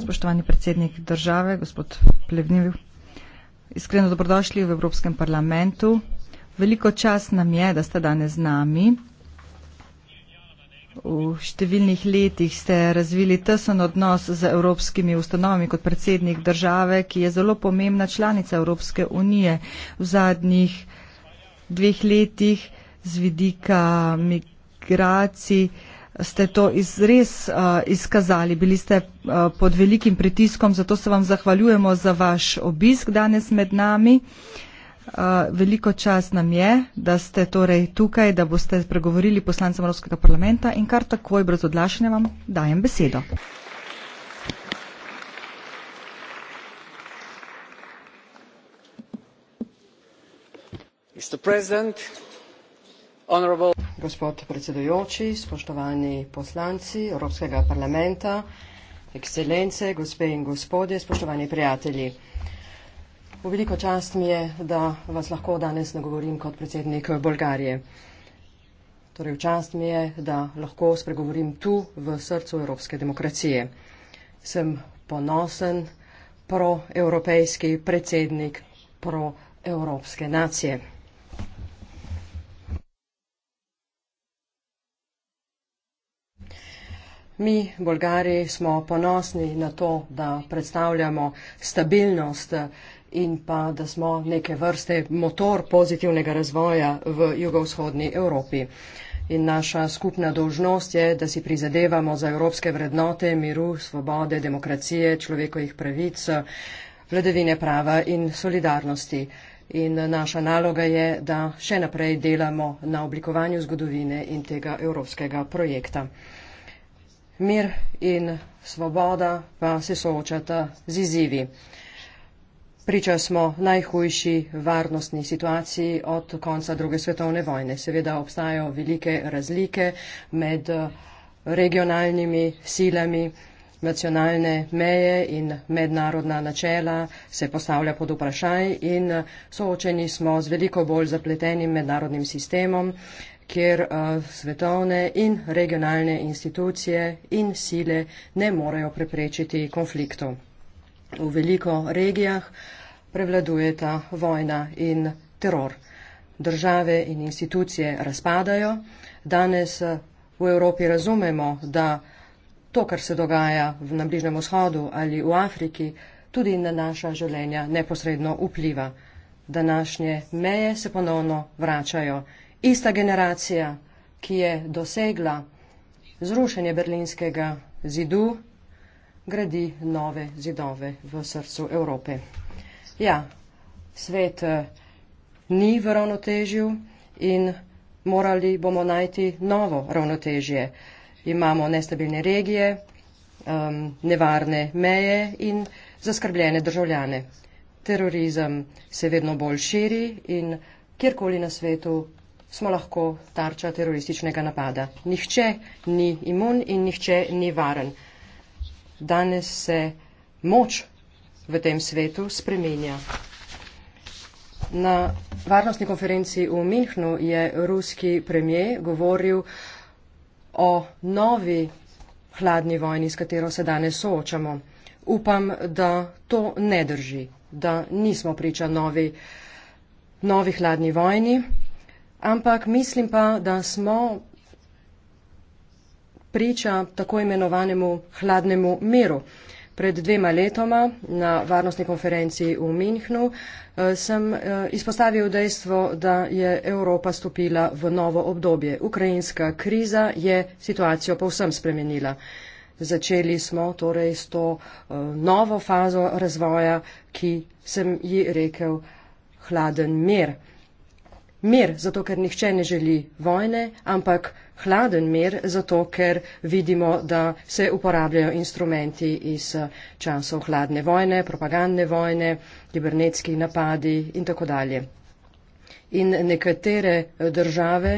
spoštovani predsednik države gospod plevnel iskreno dobrodošli v evropskem parlamentu veliko čast nam je da ste danes z nami v številnih letih ste razvili tesen odnos z evropskimi ustanovami kot predsednik države ki je zelo pomembna članica evropske unije v zadnjih dveh letih z vidika migracij ste to iz, res uh, izkazali. Bili ste uh, pod velikim pritiskom, zato se vam zahvaljujemo za vaš obisk danes med nami. Uh, veliko čas nam je, da ste torej tukaj, da boste spregovorili poslancem Evropskega parlamenta in kar takoj brez odlašanja vam dajem besedo. gospod predsedujoči spoštovani poslanci evropskega parlamenta ekscelence gospe in gospodje spoštovani prijatelji v veliko čast mi je da vas lahko danes nagovorim kot predsednik bolgarije torej v čast mi je da lahko spregovorim tu v srcu evropske demokracije sem ponosen proevropejski predsednik proevropske nacije Mi, Bolgari, smo ponosni na to, da predstavljamo stabilnost in pa da smo neke vrste motor pozitivnega razvoja v jugovzhodni Evropi. In naša skupna dožnost je, da si prizadevamo za evropske vrednote miru, svobode, demokracije, človekovih pravic, vladavine prava in solidarnosti. In naša naloga je, da še naprej delamo na oblikovanju zgodovine in tega evropskega projekta. Mir in svoboda pa se soočata z izzivi. Priča smo najhujši varnostni situaciji od konca druge svetovne vojne. Seveda obstajajo velike razlike med regionalnimi silami, nacionalne meje in mednarodna načela se postavlja pod vprašaj in soočeni smo z veliko bolj zapletenim mednarodnim sistemom, kjer uh, svetovne in regionalne institucije in sile ne morejo preprečiti konfliktov. V veliko regijah prevladujeta vojna in teror. Države in institucije razpadajo. Danes eh, v Evropi razumemo, da to, kar se dogaja na Bližnem vzhodu ali v Afriki, tudi na naša življenja neposredno vpliva. Današnje meje se ponovno vračajo ista generacija, ki je dosegla zrušenje berlinskega zidu, gradi nove zidove v srcu Evrope. Ja, svet eh, ni v ravnotežju in morali bomo najti novo ravnotežje. Imamo nestabilne regije, ehm, nevarne meje in zaskrbljene državljane. Terorizem se vedno bolj širi in kjerkoli na svetu smo lahko tarča terorističnega napada. Nihče ni imun in nihče ni varen. Danes se moč v tem svetu spremenja. Na varnostni konferenci v Minhnu je ruski premijer govoril o novi hladni vojni, s katero se danes soočamo. Upam, da to ne drži, da nismo priča novi, novi hladni vojni. Ampak mislim pa, da smo priča tako imenovanemu hladnemu miru. Pred dvema letoma na varnostni konferenci v Minhnu eh, sem eh, izpostavil dejstvo, da je Evropa stopila v novo obdobje. Ukrajinska kriza je situacijo povsem spremenila. Začeli smo torej s to eh, novo fazo razvoja, ki sem ji rekel hladen mir mir, zato ker nihče ne želi vojne, ampak hladen mir, zato ker vidimo, da se uporabljajo instrumenti iz časov hladne vojne, propagandne vojne, kibernetski napadi in tako dalje. In nekatere države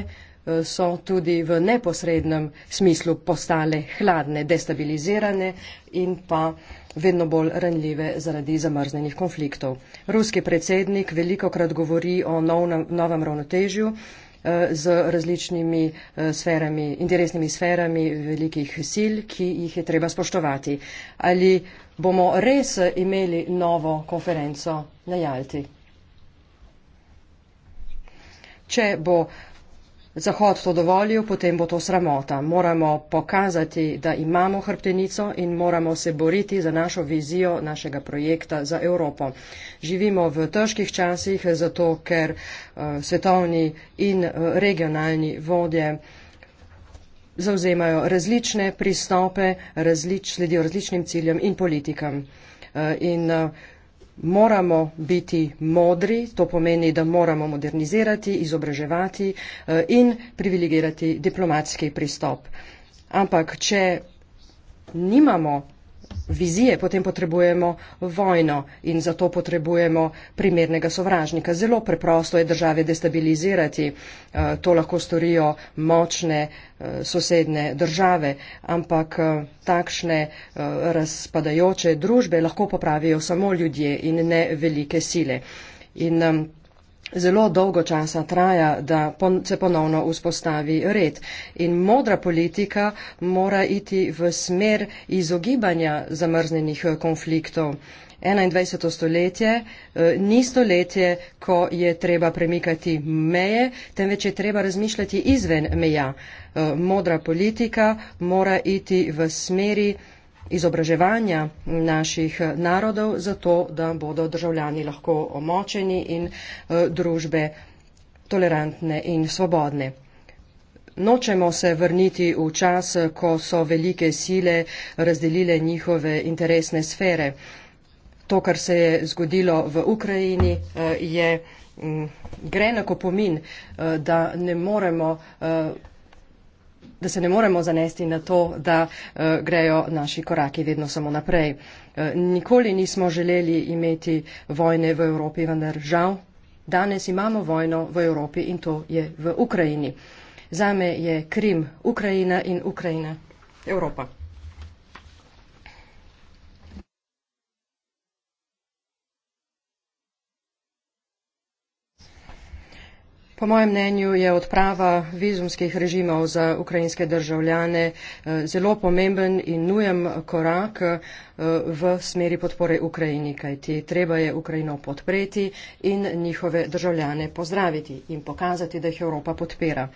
so tudi v neposrednem smislu postale hladne, destabilizirane in pa vedno bolj ranljive zaradi zamrznenih konfliktov. Ruski predsednik velikokrat govori o novem ravnotežju eh, z različnimi eh, sferami, interesnimi sferami velikih sil, ki jih je treba spoštovati. Ali bomo res imeli novo konferenco na Jalti? Če bo Zahod to dovolil, potem bo to sramota. Moramo pokazati, da imamo hrbtenico in moramo se boriti za našo vizijo našega projekta za Evropo. Živimo v težkih časih, zato ker eh, svetovni in eh, regionalni vodje zauzemajo različne pristope, različ, sledijo različnim ciljem in politikam. Eh, in, uh, moramo biti modri, to pomeni, da moramo modernizirati, izobraževati eh, in privilegirati diplomatski pristop. Ampak, če nimamo vizije, potem potrebujemo vojno in zato potrebujemo primernega sovražnika. Zelo preprosto je države destabilizirati. Eh, to lahko storijo močne eh, sosedne države, ampak eh, takšne razpadajoče družbe lahko popravijo samo ljudje in ne velike sile. In zelo dolgo časa traja, da se ponovno vzpostavi red. In modra politika mora iti v smer izogibanja zamrznenih eh, konfliktov. 21. stoletje eh, ni stoletje, ko je treba premikati meje, temveč je treba razmišljati izven meja. Eh, modra politika mora iti v smeri izobraževanja naših narodov, zato da bodo državljani lahko omočeni in eh, družbe tolerantne in svobodne. Nočemo se vrniti v čas, ko so velike sile razdelile njihove interesne sfere. To, kar se je zgodilo v Ukrajini, eh, je mm, grenako pomin, eh, da ne moremo da se ne moremo zanesti na to, da uh, grejo naši koraki vedno samo naprej. Uh, nikoli nismo želeli imeti vojne v Evropi, vendar žal danes imamo vojno v Evropi in to je v Ukrajini. Zame je Krim Ukrajina in Ukrajina Evropa. Po mojem mnenju je odprava vizumskih režimov za ukrajinske državljane eh, zelo pomemben in nujem korak eh, v smeri podpore Ukrajini, kajti treba je Ukrajino podpreti in njihove državljane pozdraviti in pokazati, da jih Evropa podpira.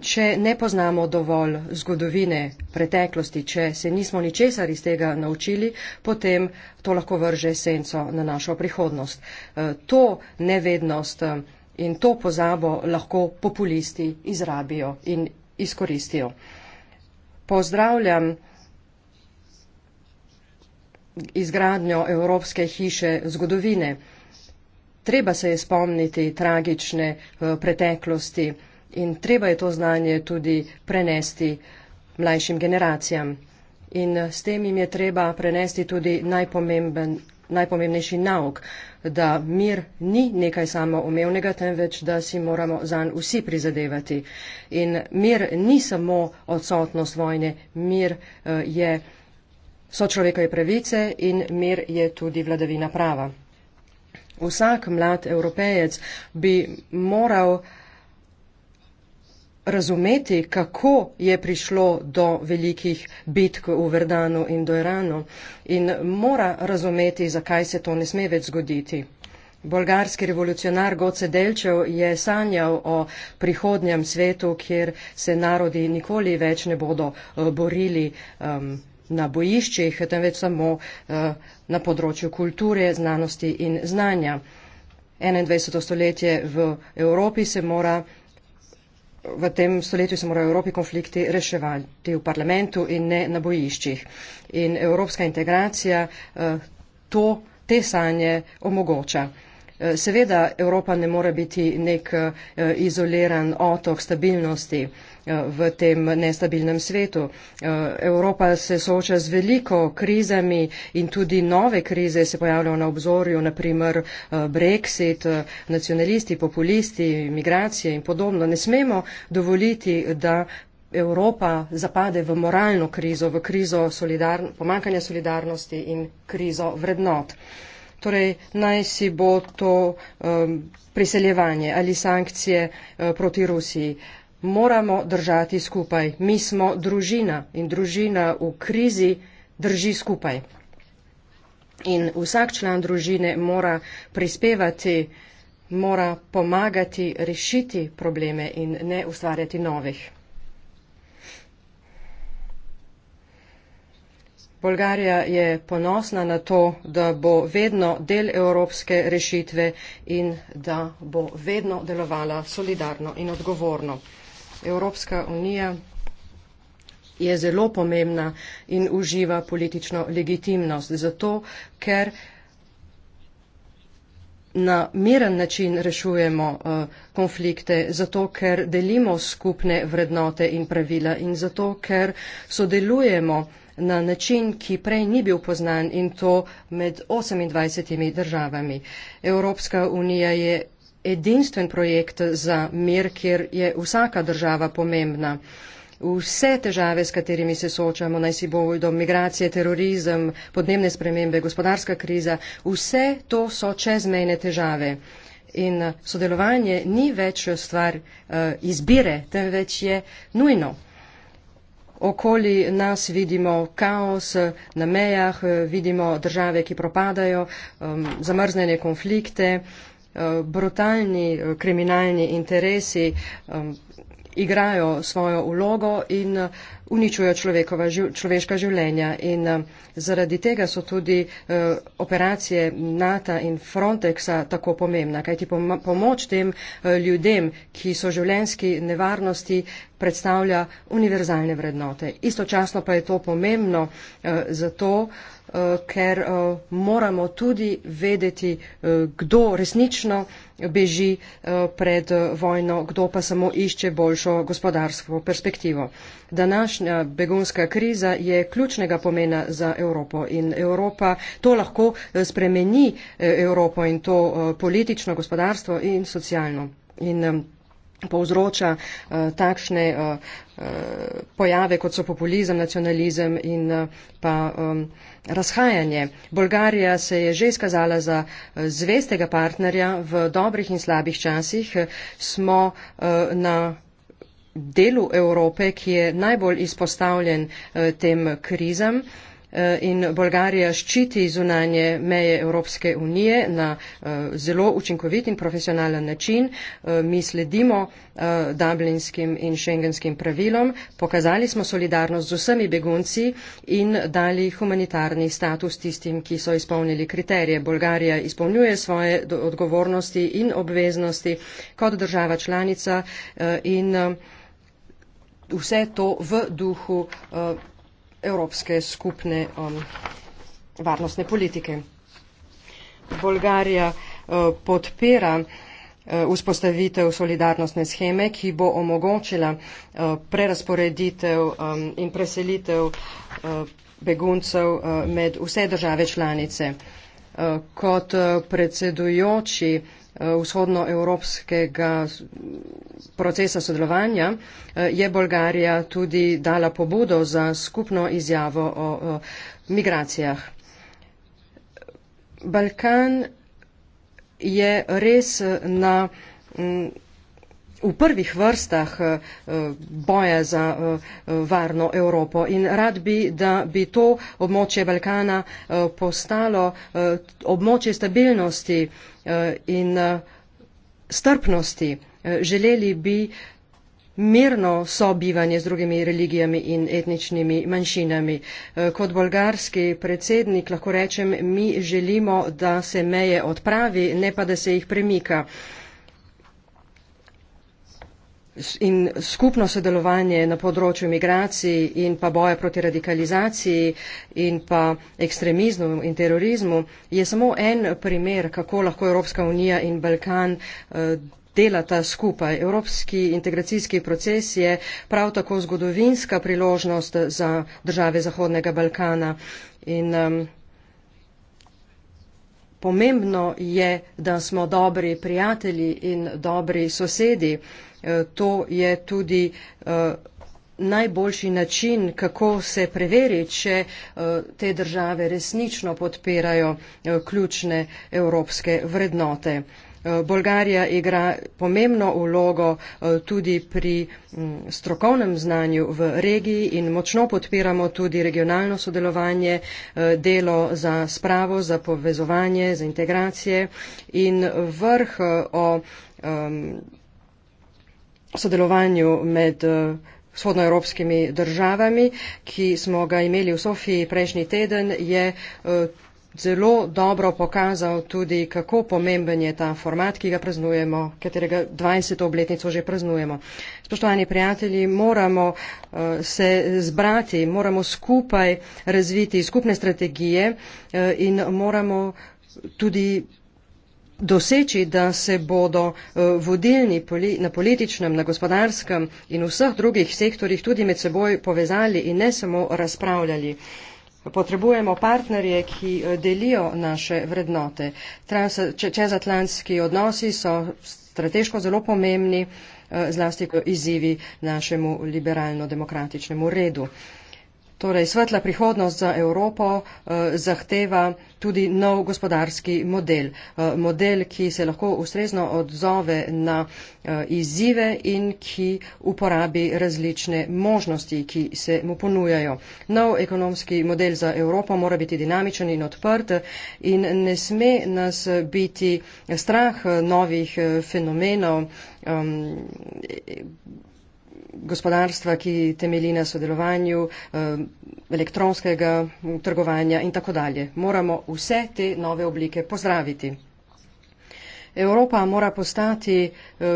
Če ne poznamo dovolj zgodovine preteklosti, če se nismo ničesar iz tega naučili, potem to lahko vrže senco na našo prihodnost. Eh, to nevednost In to pozabo lahko populisti izrabijo in izkoristijo. Pozdravljam izgradnjo Evropske hiše zgodovine. Treba se je spomniti tragične eh, preteklosti in treba je to znanje tudi prenesti mlajšim generacijam. In eh, s tem jim je treba prenesti tudi najpomemben najpomembnejši nauk, da mir ni nekaj samoumevnega, temveč da si moramo zanj vsi prizadevati. In mir ni samo odsotnost vojne, mir eh, je sočlovekove pravice in mir je tudi vladavina prava. Vsak mlad evropejec bi moral razumeti, kako je prišlo do velikih bitk v Verdanu in do Iranu in mora razumeti, zakaj se to ne sme več zgoditi. Bolgarski revolucionar Goce Delčev je sanjal o prihodnjem svetu, kjer se narodi nikoli več ne bodo eh, borili um, na bojiščih, temveč samo uh, na področju kulture, znanosti in znanja. 21. stoletje v Evropi se mora v tem stoletju se morajo Evropi konflikti reševati v parlamentu in ne na bojiščih. In evropska integracija eh, to, te sanje omogoča. Eh, seveda Evropa ne more biti nek eh, izoliran otok stabilnosti. Eh, v tem nestabilnem svetu. Eh, Evropa se sooča z veliko krizami in tudi nove krize se pojavljajo na obzorju, naprimer eh, Brexit, nacionalisti, populisti, migracije in podobno. Ne smemo dovoliti, da. Evropa zapade v moralno krizo, v krizo solidarn pomankanja solidarnosti in krizo vrednot. Torej, naj si bo to um, priseljevanje ali sankcije uh, proti Rusiji. Uh, moramo držati skupaj. Mi smo družina in družina v krizi drži skupaj. In vsak član družine mora prispevati, mora pomagati rešiti probleme in ne ustvarjati novih. Bolgarija je ponosna na to, da bo vedno del evropske rešitve in da bo vedno delovala solidarno in odgovorno. Evropska unija je zelo pomembna in uživa politično legitimnost, zato ker na miren način rešujemo uh, konflikte, zato ker delimo skupne vrednote in pravila in zato ker sodelujemo na način, ki prej ni bil poznan in to med 28 državami. Evropska unija je edinstven projekt za mir, kjer je vsaka država pomembna. Vse težave, s katerimi se soočamo, naj si bojo migracije, terorizem, podnebne spremembe, gospodarska kriza, vse to so čezmejne težave. In sodelovanje ni več stvar uh, izbire, temveč je nujno. Okoli nas vidimo kaos na mejah, eh, vidimo države, ki propadajo, um, eh, zamrznene konflikte. Uh, Eh, brutalni eh, kriminalni interesi eh, igrajo svojo vlogo in uničujo človekova, človeška življenja. In zaradi tega so tudi operacije NATO in Frontexa tako pomembna, kajti pomoč tem ljudem, ki so življenski nevarnosti, predstavlja univerzalne vrednote. Istočasno pa je to pomembno zato, Eh, ker eh, moramo tudi vedeti, eh, kdo resnično beži pred vojno, kdo pa samo išče boljšo gospodarsko perspektivo. Današnja begunska kriza je ključnega pomena za Evropo in Evropa to lahko spremeni Evropo in to politično, gospodarstvo in socialno. In, povzroča uh, takšne uh, uh, pojave, kot so populizem, nacionalizem in uh, pa um, razhajanje. Bolgarija se je že izkazala za uh, zvestega partnerja v dobrih in slabih časih. Smo uh, na delu Evrope, ki je najbolj izpostavljen uh, tem krizam. Uh, Eh, in Bolgarija ščiti zunanje meje Evropske unije na eh, zelo učinkovit in profesionalen način. Eh, mi sledimo dublinskim in šengenskim pravilom, pokazali smo solidarnost z vsemi begunci in dali humanitarni status tistim, ki so izpolnili kriterije. Bolgarija izpolnjuje svoje odgovornosti in obveznosti kot država članica in vse to v duhu evropske skupne um, varnostne politike. Bolgarija uh, podpira uh, vzpostavitev solidarnostne scheme, ki bo omogočila uh, prerasporeditev um, in preselitev uh, beguncev uh, med vse države članice. Uh, kot uh, predsedujoči uh, Eh, vzhodnoevropskega procesa sodelovanja eh, je Bolgarija tudi dala pobudo za skupno izjavo o migracijah. Balkan je res eh, na mm, v prvih vrstah eh, eh, boja za eh, varno Evropo in rad bi, da bi to območje Balkana postalo območje stabilnosti in strpnosti. Želeli bi mirno sobivanje z drugimi religijami in etničnimi manjšinami. Kot bolgarski predsednik lahko rečem, mi želimo, da se meje odpravi, ne pa, da se jih premika in skupno sodelovanje na področju migracij in pa boja proti radikalizaciji in pa ekstremizmu in terorizmu je samo en primer, kako lahko Evropska unija in Balkan eh, delata skupaj. Evropski integracijski proces je prav tako zgodovinska priložnost za države Zahodnega Balkana. In, um, pomembno je, da smo dobri prijatelji in dobri sosedi. Eh, to je tudi eh, najboljši način, kako se preveri, če eh, te države resnično podpirajo ključne evropske vrednote. Bolgarija igra pomembno ulogo tudi pri mm, strokovnem znanju v regiji in močno podpiramo tudi regionalno sodelovanje, delo za spravo, za povezovanje, za integracije in vrh o. Um, sodelovanju med eh, vzhodnoevropskimi državami, ki smo ga imeli v Sofiji prejšnji teden, je eh, zelo dobro pokazal tudi, kako pomemben je ta format, ki ga praznujemo, katerega 20. obletnico že praznujemo. Spoštovani prijatelji, moramo eh, se zbrati, moramo skupaj razviti skupne strategije in moramo tudi doseči, da se bodo eh, vodilni na političnem, na gospodarskem in vseh drugih sektorjih tudi med seboj povezali in ne samo razpravljali. Potrebujemo partnerje, ki eh, delijo naše vrednote. Trans čezatlantski odnosi so strateško zelo pomembni, eh, zlasti kot izzivi našemu liberalno-demokratičnemu redu. Torej, svetla prihodnost za Evropo eh, zahteva tudi nov gospodarski model. Eh, model, ki se lahko ustrezno odzove na eh, izzive in ki uporabi različne možnosti, ki se mu ponujajo. Nov ekonomski model za Evropo mora biti dinamičen in odprt in ne sme nas biti strah eh, novih eh, fenomenov. Eh, gospodarstva, ki temelji na sodelovanju, eh, elektronskega trgovanja in tako dalje. Moramo vse te nove oblike pozdraviti. Evropa mora postati eh,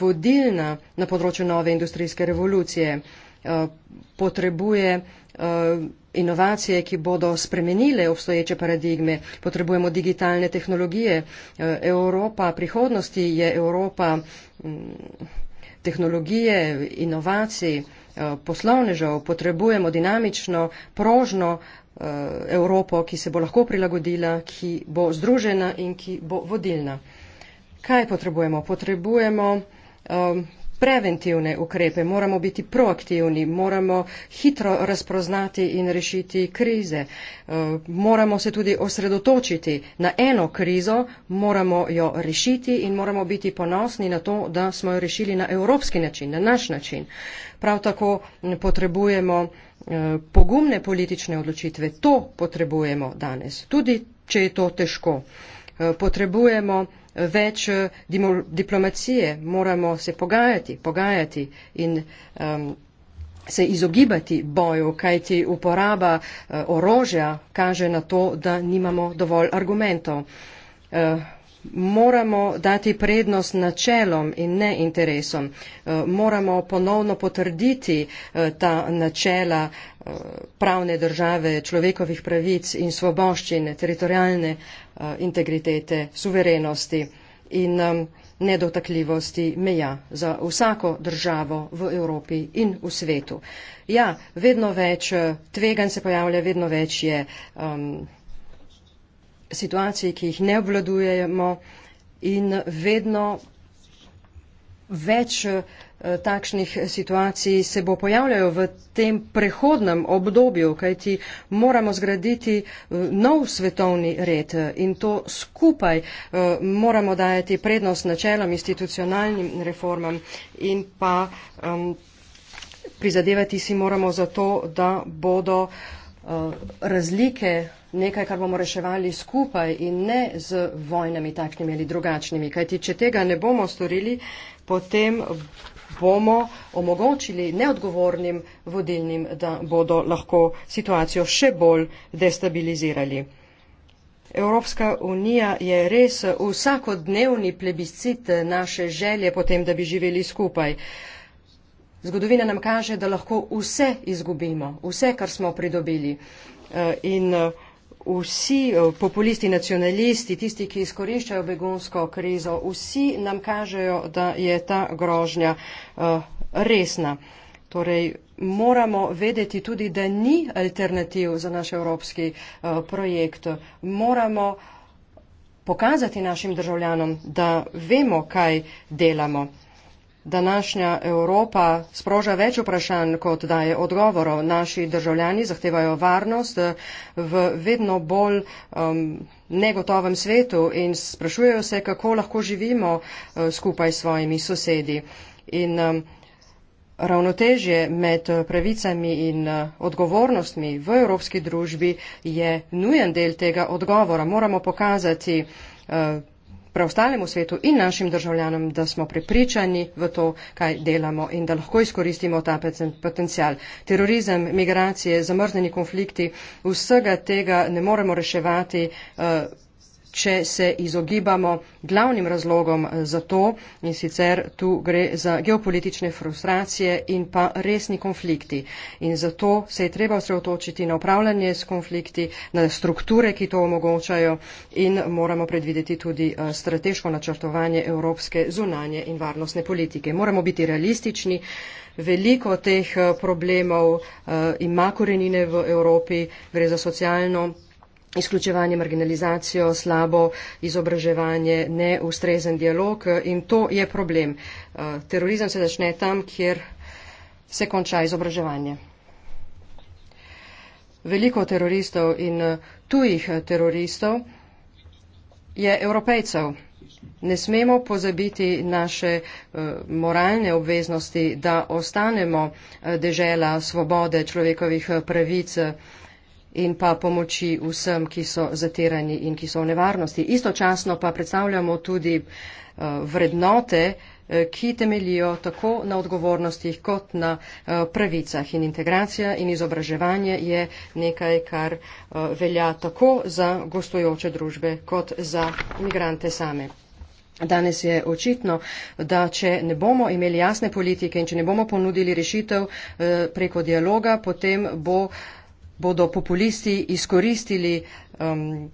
vodilna na področju nove industrijske revolucije. Eh, potrebuje inovacije, ki bodo spremenile obstoječe paradigme. Potrebujemo digitalne tehnologije. Evropa prihodnosti je Evropa mm, tehnologije, inovacij, eh, poslovnežev, potrebujemo dinamično, prožno eh, Evropo, ki se bo lahko prilagodila, ki bo združena in ki bo vodilna. Kaj potrebujemo? Potrebujemo eh, preventivne ukrepe, moramo biti proaktivni, moramo hitro razpoznati in rešiti krize. Eh, moramo se tudi osredotočiti na eno krizo, moramo jo rešiti in moramo biti ponosni na to, da smo jo rešili na evropski način, na naš način. Prav tako potrebujemo eh, pogumne politične odločitve. To potrebujemo danes, tudi če je to težko. Eh, potrebujemo več eh, diplomacije, moramo se pogajati, pogajati in um, se izogibati boju, kajti uporaba uh, orožja kaže na to, da nimamo dovolj argumentov. Uh, moramo dati prednost načelom in ne interesom. Uh, moramo ponovno potrditi uh, ta načela uh, pravne države, človekovih pravic in svoboščine, teritorijalne uh, Eh, integritete, suverenosti in nedotakljivosti meja za vsako državo v Evropi in v svetu. Ja, vedno več eh, tvegan se pojavlja, vedno več je um, situacij, ki jih ne obvladujemo in vedno več eh, Eh, takšnih situacij se bo pojavljajo v tem prehodnem obdobju, kajti moramo zgraditi eh, nov svetovni red eh, in to skupaj moramo dajati prednost načelom, institucionalnim reformam in pa um, prizadevati si moramo za to, da bodo razlike nekaj, kar bomo reševali skupaj in ne z vojnami takšnimi ali drugačnimi. Kajti, če tega ne bomo storili, potem bomo omogočili neodgovornim vodilnim, da bodo lahko situacijo še bolj destabilizirali. Evropska unija je res vsakodnevni plebiscit naše želje potem, da bi živeli skupaj. Zgodovina nam kaže, da lahko vse izgubimo, vse, kar smo pridobili. Eh, in, uh, vsi eh, populisti, nacionalisti, tisti, ki izkoriščajo begunsko krizo, vsi nam kažejo, da je ta grožnja eh, resna. Torej, moramo vedeti tudi, da ni alternativ za naš evropski eh, projekt. Moramo pokazati našim državljanom, da vemo, kaj delamo. Današnja Evropa sproža več vprašanj, kot daje odgovorov. Naši državljani zahtevajo varnost v vedno bolj um, negotovem svetu in sprašujejo se, kako lahko živimo uh, skupaj s svojimi sosedi. In um, ravnotežje med pravicami in uh, odgovornostmi v evropski družbi je nujen del tega odgovora. Moramo pokazati. Uh, preostalemu svetu in našim državljanom, da smo prepričani v to, kaj delamo in da lahko izkoristimo ta potencial. Terorizem, migracije, zamrzneni konflikti, vsega tega ne moremo reševati. Uh, če se izogibamo glavnim razlogom za to, in sicer tu gre za geopolitične frustracije in pa resni konflikti. In zato se je treba osredotočiti na upravljanje s konflikti, na strukture, ki to omogočajo in moramo predvideti tudi eh, strateško načrtovanje evropske zunanje in varnostne politike. Moramo biti realistični. Veliko teh eh, problemov uh, ima korenine v Evropi, gre za socialno izključevanje, marginalizacijo, slabo izobraževanje, neustrezen dialog eh, in to je problem. Eh, terorizem se začne tam, kjer se konča izobraževanje. Veliko teroristov in eh, tujih teroristov je evropejcev. Ne smemo pozabiti naše moralne obveznosti, da ostanemo dežela svobode človekovih pravic in pa pomoči vsem, ki so zatirani in ki so v nevarnosti. Istočasno pa predstavljamo tudi eh, vrednote, eh, ki temelijo tako na odgovornostih kot na eh, pravicah. In integracija in izobraževanje je nekaj, kar velja tako za gostujoče družbe kot za imigrante same. Danes je očitno, da če ne bomo imeli jasne politike in če ne bomo ponudili rešitev preko dialoga, potem bo uh, bodo populisti izkoristili um,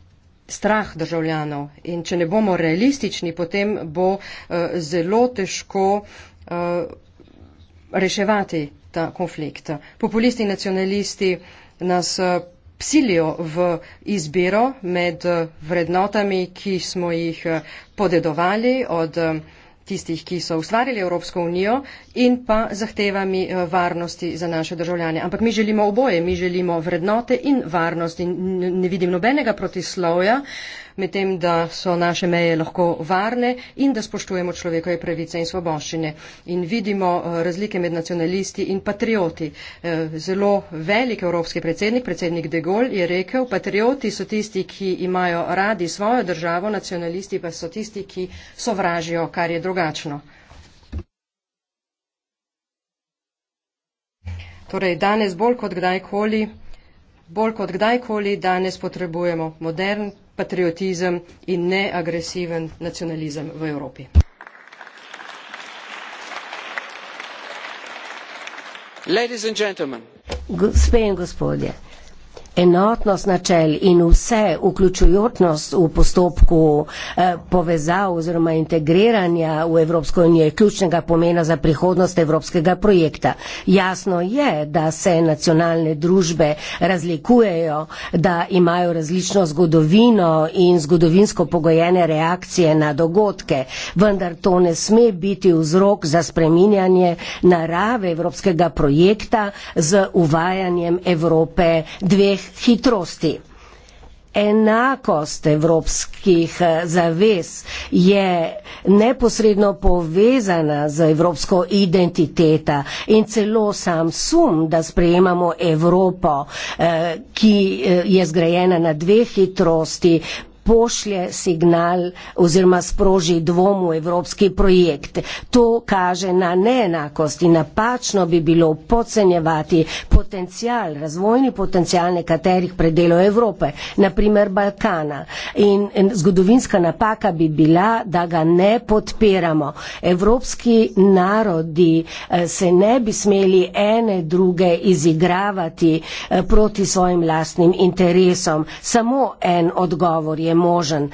strah državljanov. In če ne bomo realistični, potem bo uh, zelo težko uh, reševati ta konflikt. Populisti in nacionalisti nas. Uh, Silijo v izbiro med uh, vrednotami, ki smo jih uh, podedovali od um, tistih, ki so ustvarili Evropsko unijo in pa zahtevami eh, varnosti za naše državljane. Ampak mi želimo oboje, mi želimo vrednote in varnost in ne vidim nobenega protisloja, uh, medtem da so naše meje lahko varne in da spoštujemo človekove pravice in svoboščine. In vidimo eh, razlike med nacionalisti in patrioti. Eh, zelo velik evropski predsednik, predsednik De Gaulle, je rekel, patrioti so tisti, ki imajo radi svojo državo, nacionalisti pa so tisti, ki sovražijo, kar je drugačno. Torej, danes bolj kot kdajkoli, bolj kot kdajkoli danes potrebujemo modern patriotizem in neagresiven nacionalizem v Evropi. Gospe in gospodje, enotnost načel in vse vključujočnost v postopku eh, povezav oziroma integriranja v Evropsko unijo je ključnega pomena za prihodnost evropskega projekta. Jasno je, da se nacionalne družbe razlikujejo, da imajo različno zgodovino in zgodovinsko pogojene reakcije na dogodke, vendar to ne sme biti vzrok za spreminjanje narave evropskega projekta z uvajanjem Evrope dveh hitrosti. Enakost evropskih eh, zavez je neposredno povezana z evropsko identiteta in celo sam sum, da sprejemamo Evropo, eh, ki eh, je zgrajena na dveh hitrosti, pošlje signal oziroma sproži dvom v evropski projekt. To kaže na neenakost in napačno bi bilo podcenjevati potencial, razvojni potencial nekaterih predelov Evrope, naprimer Balkana. In, in zgodovinska napaka bi bila, da ga ne podpiramo. Evropski narodi eh, se ne bi smeli ene druge izigravati eh, proti svojim lastnim interesom. Samo en odgovor je možen.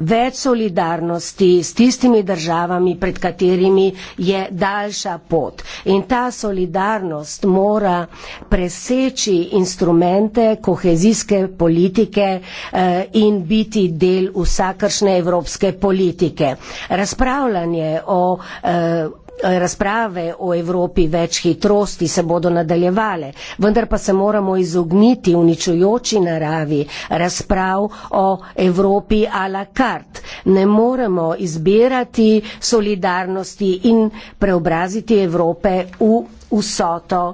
Več solidarnosti s tistimi državami, pred katerimi je daljša pot. In ta solidarnost mora preseči instrumente kohezijske politike eh, in biti del vsakršne evropske politike. Razpravljanje o eh, Eh, razprave o Evropi več hitrosti se bodo nadaljevale, vendar pa se moramo izogniti uničujoči naravi razprav o Evropi a la carte. Ne moremo izbirati solidarnosti in preobraziti Evrope v vsoto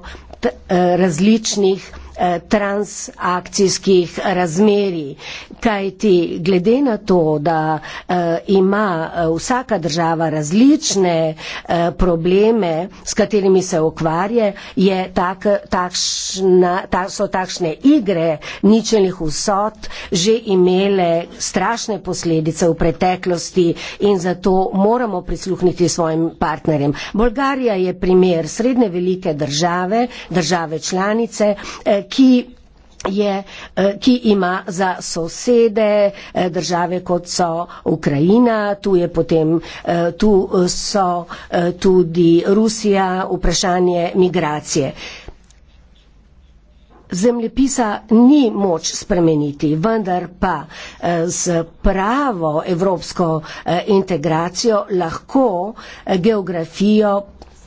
eh, različnih Eh, transakcijskih razmerij. Kajti glede na to, da eh, ima eh, vsaka država različne probleme, s katerimi se ukvarja, tak, takšna, ta, so takšne igre ničelnih usod že imele strašne posledice v preteklosti in zato moramo prisluhniti svojim partnerjem. Bolgarija je primer srednje velike države, države članice, ki je, eh, ki ima za sosede eh, države, kot so Ukrajina, tu je potem, eh, tu so tudi Rusija, vprašanje migracije. Zemljepisa ni moč spremeniti, vendar pa z pravo evropsko integracijo lahko geografijo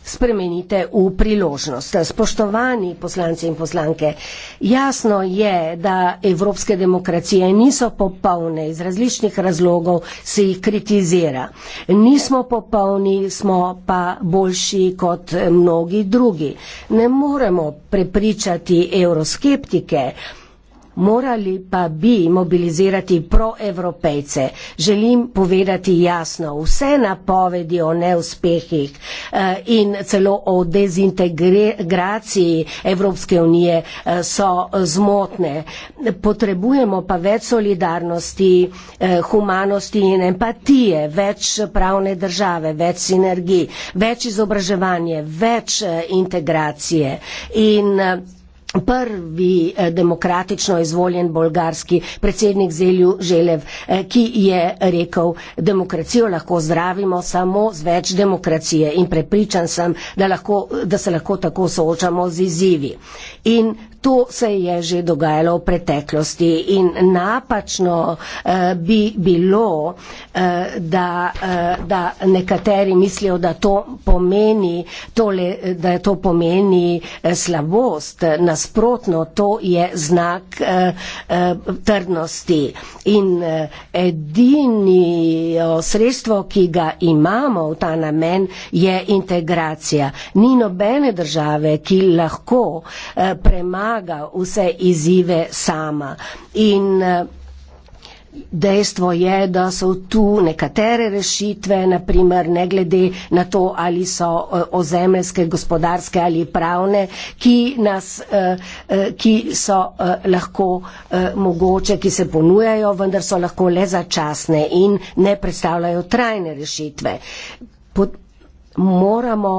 spremenite v priložnost. Spoštovani poslanci in poslanke, jasno je, da evropske demokracije niso popolne, iz različnih razlogov se jih kritizira. Nismo popolni, smo pa boljši kot mnogi drugi. Ne moremo prepričati euroskeptike, morali pa bi mobilizirati proevropejce. Želim povedati jasno, vse napovedi o neuspehih eh, in celo o dezintegraciji Evropske unije eh, so zmotne. Potrebujemo pa več solidarnosti, eh, humanosti in empatije, več pravne države, več sinergij, več izobraževanje, več integracije. In prvi eh, demokratično izvoljen bolgarski predsednik Zelju Želev, eh, ki je rekel, demokracijo lahko zdravimo samo z več demokracije in prepričan sem, da, lahko, da se lahko tako soočamo z izzivi. In To se je že dogajalo v preteklosti in napačno uh, bi bilo, uh, da, uh, da nekateri mislijo, da to pomeni, tole, da to pomeni uh, slabost. Nasprotno, to je znak uh, uh, trdnosti. In uh, edini sredstvo, ki ga imamo v ta namen, je integracija. Ni nobene države, ki lahko uh, premagati premaga vse izzive sama. In eh, dejstvo je, da so tu nekatere rešitve, naprimer ne glede na to, ali so eh, ozemeljske, gospodarske ali pravne, ki, nas, eh, ki so lahko mogoče, ki se ponujajo, vendar so lahko le začasne in ne predstavljajo trajne rešitve. Pod, moramo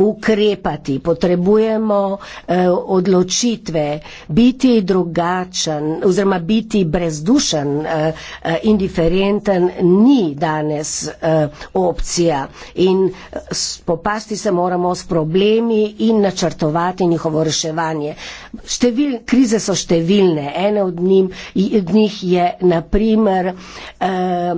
ukrepati, potrebujemo eh, odločitve, biti drugačen oziroma biti brezdušen, eh, eh indiferenten ni danes eh, opcija in eh, spopasti se moramo s problemi in načrtovati njihovo reševanje. Števil, krize so številne, ena od njih je naprimer eh,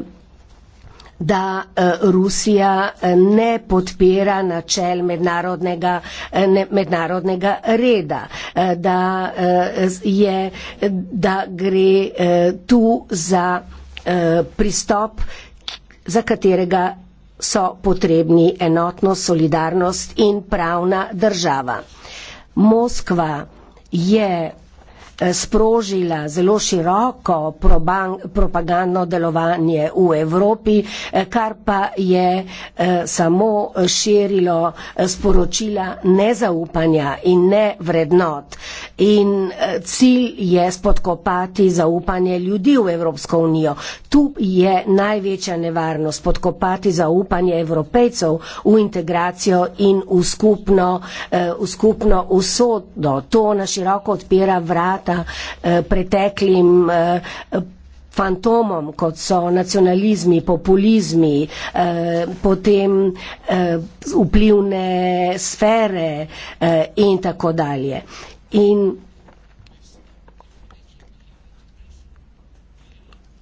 da eh, Rusija eh, ne podpira načel mednarodnega, eh, mednarodnega reda, da, je, da gre tu za pristop, za katerega so potrebni enotnost, solidarnost in pravna država. Moskva je Eh, sprožila zelo široko propagandno delovanje v Evropi, eh, kar pa je eh, samo širilo sporočila nezaupanja in ne vrednot. In eh, cilj je spodkopati zaupanje ljudi v Evropsko unijo. Tu je največja nevarnost spodkopati zaupanje evropejcev v integracijo in v skupno, eh, v skupno usodo. To na široko odpira vrata eh, preteklim fantomom, kot so nacionalizmi, populizmi, potem vplivne sfere in tako dalje. In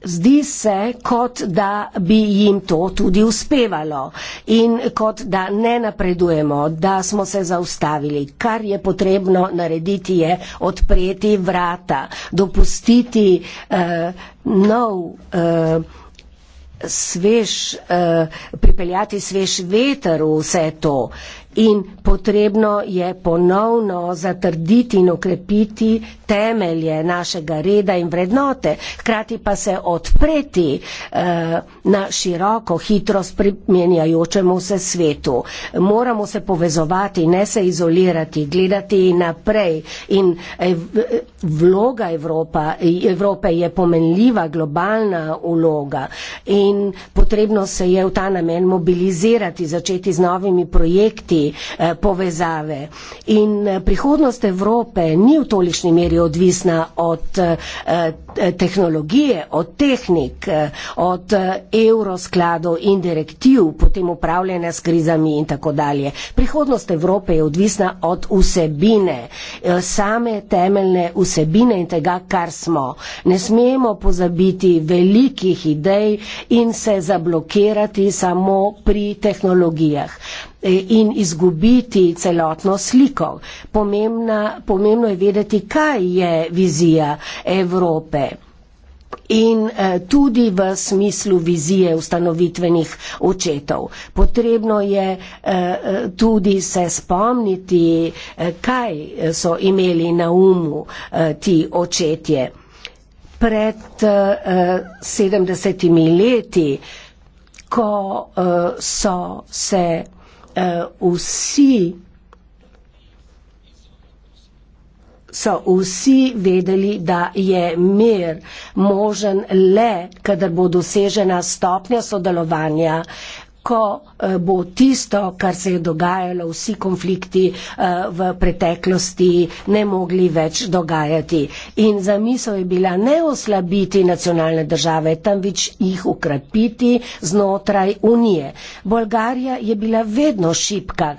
zdi se, kot da bi jim to tudi uspevalo in kot da ne napredujemo, da smo se zaustavili. Kar je potrebno narediti je odpreti vrata, dopustiti uh, nov. Uh, svež, eh, pripeljati svež veter v vse to. Eh, in potrebno je ponovno zatrditi in okrepiti temelje našega reda in vrednote, hkrati pa se odpreti eh, na široko hitrost premenjajočemu se svetu. Moramo se povezovati, ne se izolirati, gledati naprej in eh, vloga Evropa, Evrope je pomenljiva globalna vloga in potrebno se je v ta namen mobilizirati, začeti z novimi projekti, Eh, povezave. In eh, prihodnost Evrope ni v tolikšni meri odvisna od eh, tehnologije, od tehnik, od evroskladov in direktiv, potem upravljanja s krizami in tako dalje. Prihodnost Evrope je odvisna od vsebine, same temeljne vsebine in tega, kar smo. Ne smemo pozabiti velikih idej in se zablokirati samo pri tehnologijah in izgubiti celotno sliko. Pomembna, pomembno je vedeti, kaj je vizija Evrope. In eh, tudi v smislu vizije ustanovitvenih očetov. Potrebno je eh, tudi se spomniti, eh, kaj so imeli na umu ti očetje. Pred 70 leti, ko so se Eh, vsi, so vsi vedeli, da je mir možen le, kadar bo dosežena stopnja sodelovanja ko eh, bo tisto, kar se je dogajalo, vsi konflikti eh, v preteklosti, ne mogli več dogajati. In zamisel je bila ne oslabiti nacionalne države, temveč jih ukrepiti znotraj Unije. Bolgarija je bila vedno šipka,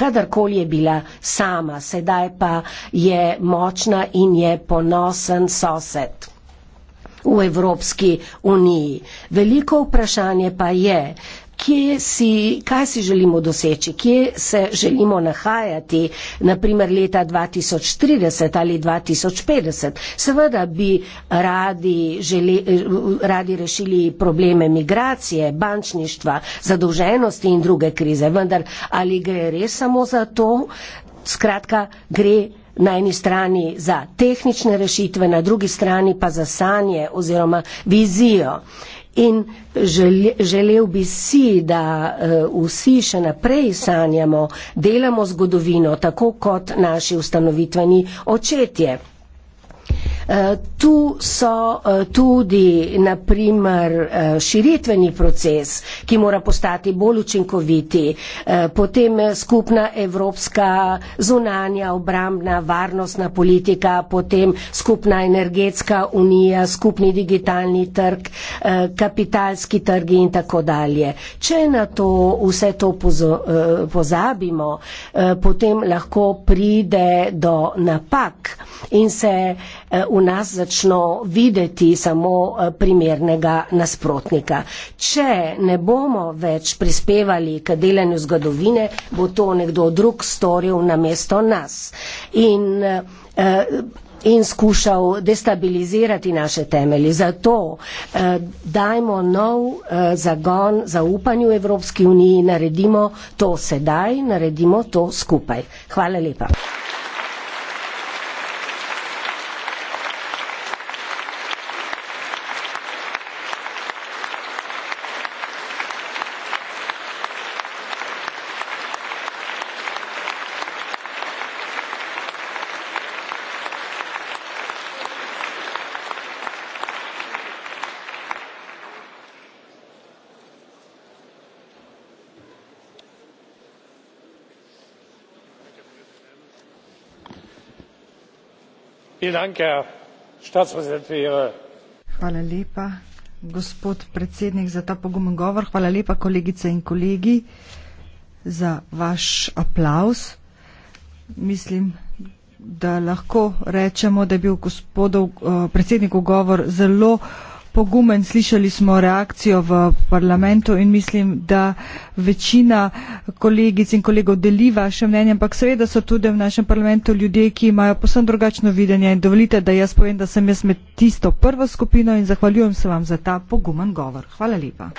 kadarkoli je bila sama, sedaj pa je močna in je ponosen sosed v Evropski uniji. Veliko vprašanje pa je, kje si, kaj si želimo doseči, kje se želimo nahajati, naprimer leta 2030 ali 2050. Seveda bi radi, želi, radi rešili probleme migracije, bančništva, zadolženosti in druge krize, vendar ali gre res samo za to? Skratka, gre na eni strani za tehnične rešitve, na drugi strani pa za sanje oziroma vizijo. In želel bi si, da eh, vsi še naprej sanjamo, delamo zgodovino, tako kot naši ustanovitveni očetje. Eh, tu so eh, tudi naprimer eh, širitveni proces, ki mora postati bolj učinkoviti, potem skupna evropska zunanja, obrambna, varnostna politika, potem skupna energetska unija, skupni digitalni trg, kapitalski trgi in tako dalje. Če na to vse to pozabimo, potem lahko pride do napak in se v nas začno videti samo eh, primernega nasprotnika. Če ne bomo več prispevali k delanju zgodovine, bo to nekdo drug storil namesto nas. In, eh, in skušal destabilizirati naše temelje. Zato eh, dajmo nov eh, zagon zaupanju Evropski uniji, naredimo to sedaj, naredimo to skupaj. Hvala lepa. Hvala lepa, gospod predsednik, za ta pogumen govor. Hvala lepa, kolegice in kolegi, za vaš aplavz. Mislim, da lahko rečemo, da je bil gospodov eh, predsednikov govor zelo pogumen, slišali smo reakcijo v parlamentu in mislim, da večina kolegic in kolegov deli vaše mnenje, ampak seveda so tudi v našem parlamentu ljudje, ki imajo posebno drugačno videnje in dovolite, da jaz povem, da sem jaz med tisto prvo skupino in zahvaljujem se vam za ta pogumen govor. Hvala lepa.